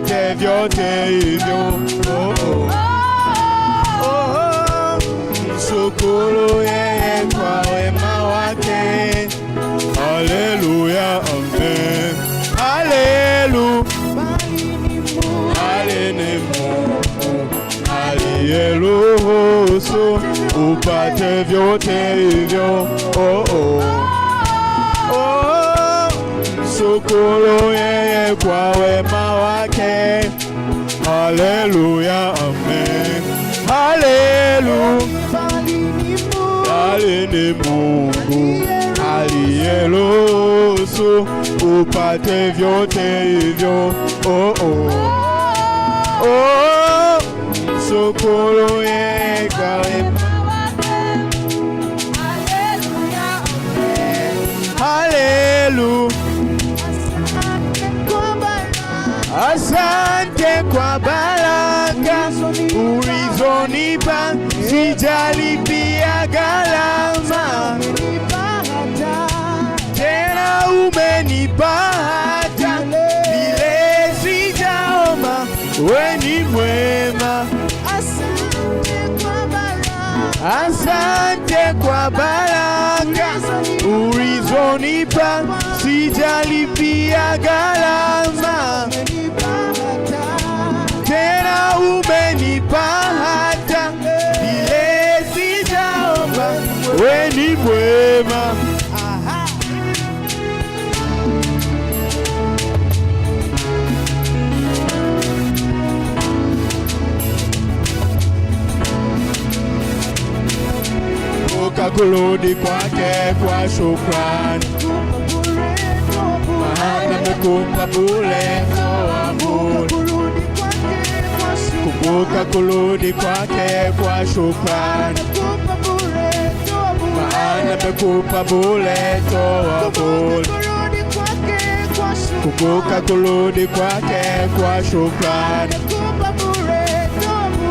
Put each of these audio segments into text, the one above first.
upate vyote hivyo. Oh, oh, oh. Oh, oh. Mshukuru yeye kwa wema wake. Haleluya, amen. aliyeruhusu upate vyote hivyo. Oh, oh. Oh, oh sukulu yeye kwa wema wake. Haleluya, amen. Haleluya, bali ni Mungu aliyeruhusu upate vyote hivyo. Oh, oh. Oh, mshukuru oh. yeye kwa Asante kwa baraka ulizonipa, sijalipia gharama, tena umenipa hata vile sijaomba. We ni mwema, asante kwa baraka ulizonipa, sijalipia gharama tena umenipa hata vile sijaomba, we ni mwema. Kurudi kwake kwa shukrani, mahali amekupa bure toa bure ukakurudi kwake kwa shukrani, maana pekupa bule toa bure Kumbuka kurudi kwake kwa shukrani,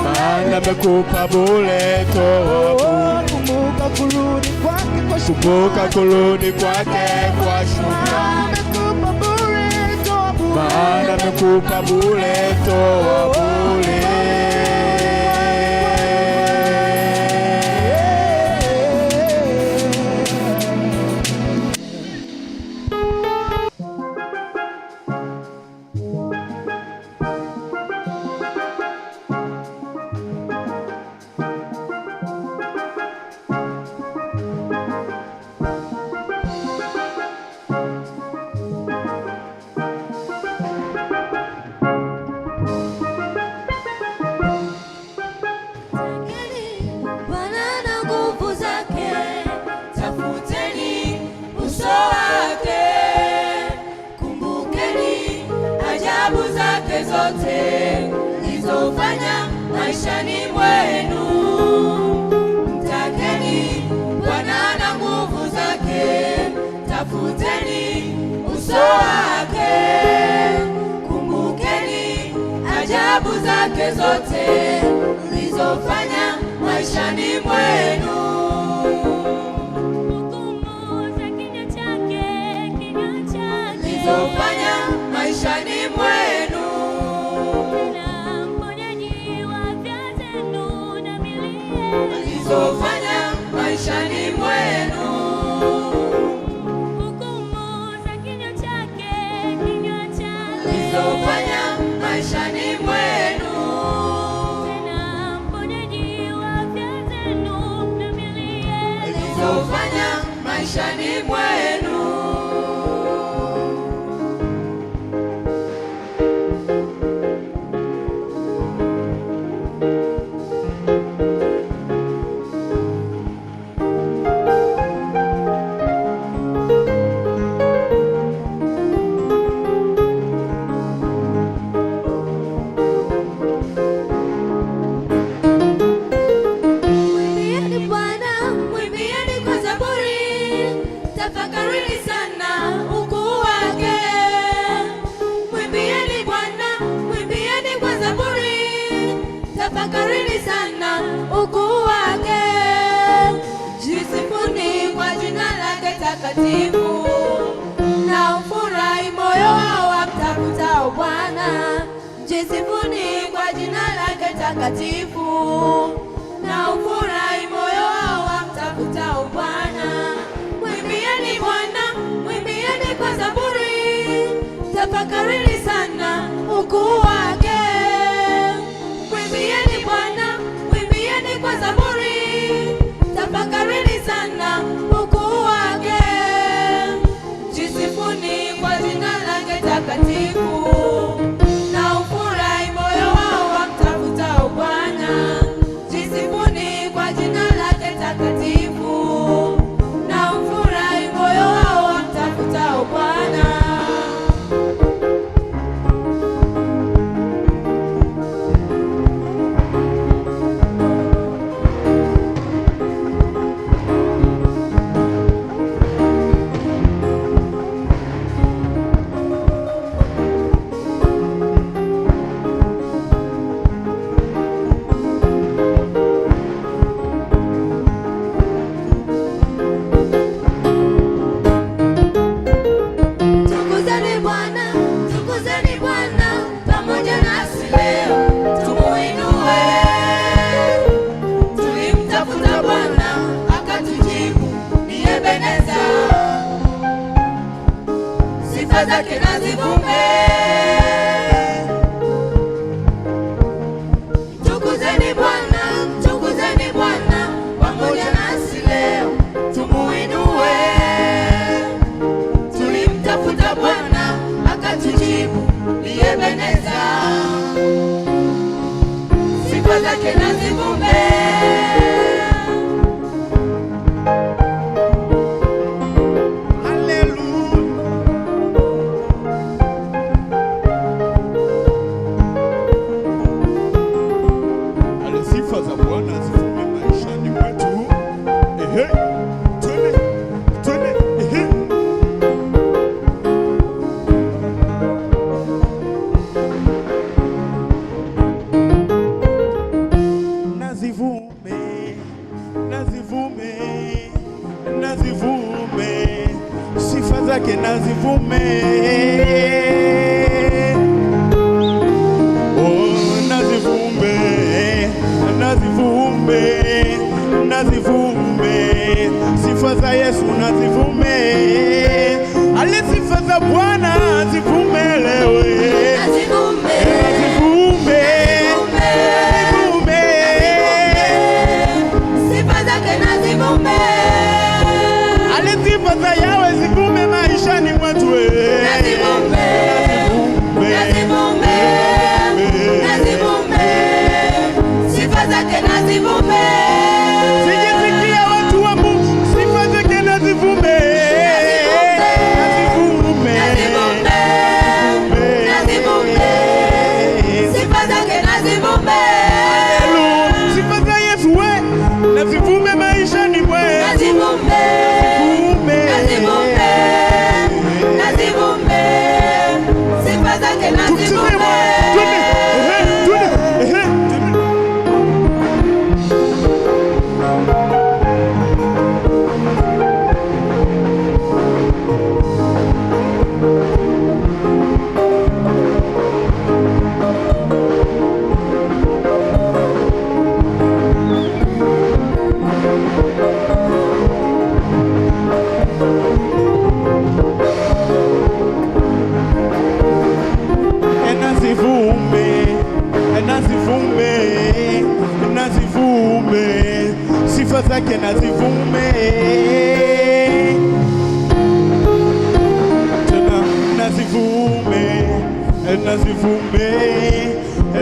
maana pekupa bule toa kukuka kuludi kurudi kwake kwa shukrani, maana amekupa bure, toa bure. zote nizofanya maishani mwenu. Mtakeni Bwana na nguvu zake, tafuteni uso wake. Kumbukeni ajabu zake zote nizofanya maishani mwenu. so far. tafakarini sana ukuu wake, jisifuni kwa jina lake takatifu, na ufurahi moyo wao wamtafutao Bwana. Jisifuni kwa jina lake takatifu, na ufurahi moyo wao wamtafutao Bwana. Mwimbieni Bwana, mwimbieni kwa zaburi, tafakarini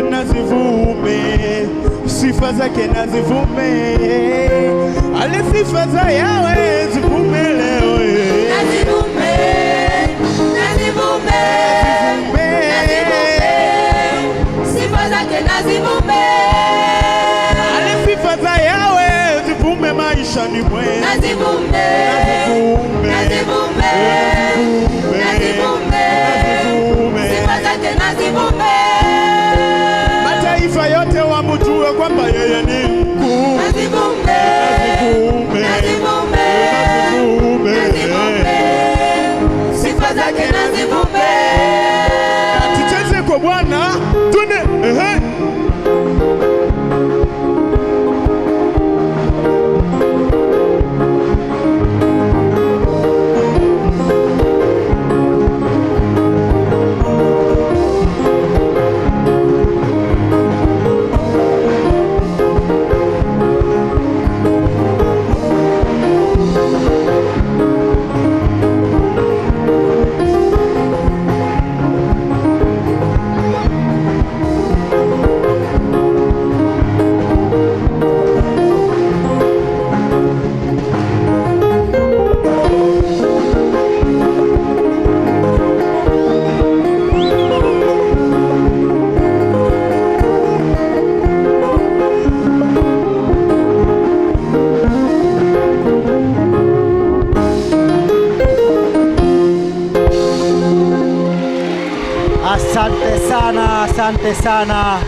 nazivume sifa zake nazivume, ale sifa za Yawe zivume leo eh. sifa za Yawe zivume maishani mwe kwamba yeye ni mkuu. sana